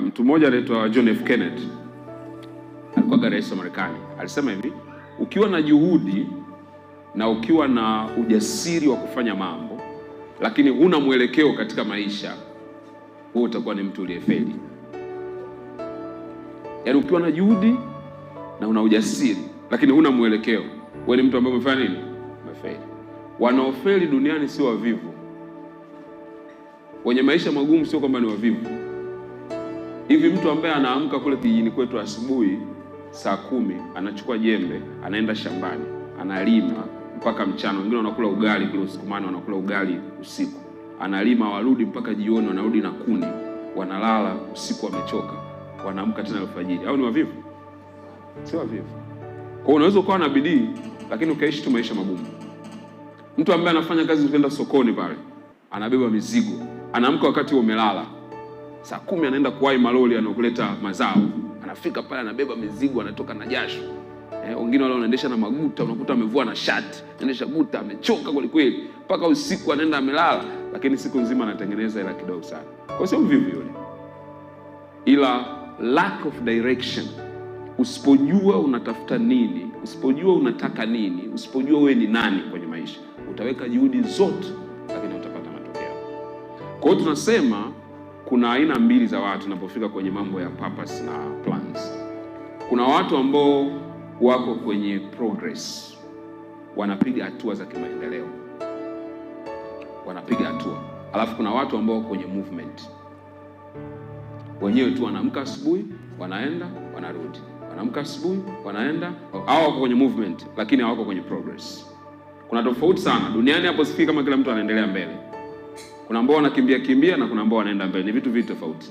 mtu mmoja anaitwa John F. Kennedy alikuwa rais wa Marekani, alisema hivi, ukiwa na juhudi na ukiwa na ujasiri wa kufanya mambo, lakini huna mwelekeo katika maisha, wewe utakuwa ni mtu uliyefeli. Yaani, ukiwa na juhudi na una ujasiri lakini huna mwelekeo, wewe ni mtu ambaye umefanya nini? Umefeli. Wanaofeli duniani sio wavivu, wenye maisha magumu sio kwamba ni wavivu Hivi mtu ambaye anaamka kule kijijini kwetu asubuhi saa kumi anachukua jembe anaenda shambani analima mpaka mchana, wengine wanakula ugali kule usikumani, wanakula ugali usiku, analima warudi mpaka jioni, wanarudi na kuni, wanalala usiku, wamechoka, wanaamka tena alfajiri. Au ni wavivu? Si wavivu. Kwa unaweza ukawa na bidii lakini ukaishi tu maisha magumu. Mtu ambaye anafanya kazi, ukienda sokoni pale, anabeba mizigo, anaamka wakati umelala saa kumi anaenda kuwai maloli anakuleta mazao, anafika pale anabeba mizigo, anatoka na jasho eh, wengine wale wanaendesha na maguta, unakuta amevua na shati, anaendesha guta, amechoka kwelikweli, mpaka usiku anaenda amelala, lakini siku nzima anatengeneza hela kidogo sana, kwa sio mvivu yule, ila lack of direction Usipojua unatafuta nini, usipojua unataka nini, usipojua wewe ni nani kwenye maisha, utaweka juhudi zote, lakini utapata matokeo. Kwa hiyo tunasema kuna aina mbili za watu unapofika kwenye mambo ya purpose na plans. Kuna watu ambao wako kwenye progress, wanapiga hatua za kimaendeleo, wanapiga hatua, alafu kuna watu ambao wako kwenye movement wenyewe tu, wanaamka asubuhi, wanaenda wanarudi, wanaamka asubuhi, wanaenda. Hao wako kwenye movement, lakini hawako kwenye progress. Kuna tofauti sana duniani hapo, sifiki kama kila mtu anaendelea mbele kuna ambao wanakimbia kimbia na kuna ambao wanaenda mbele, ni vitu vitu tofauti.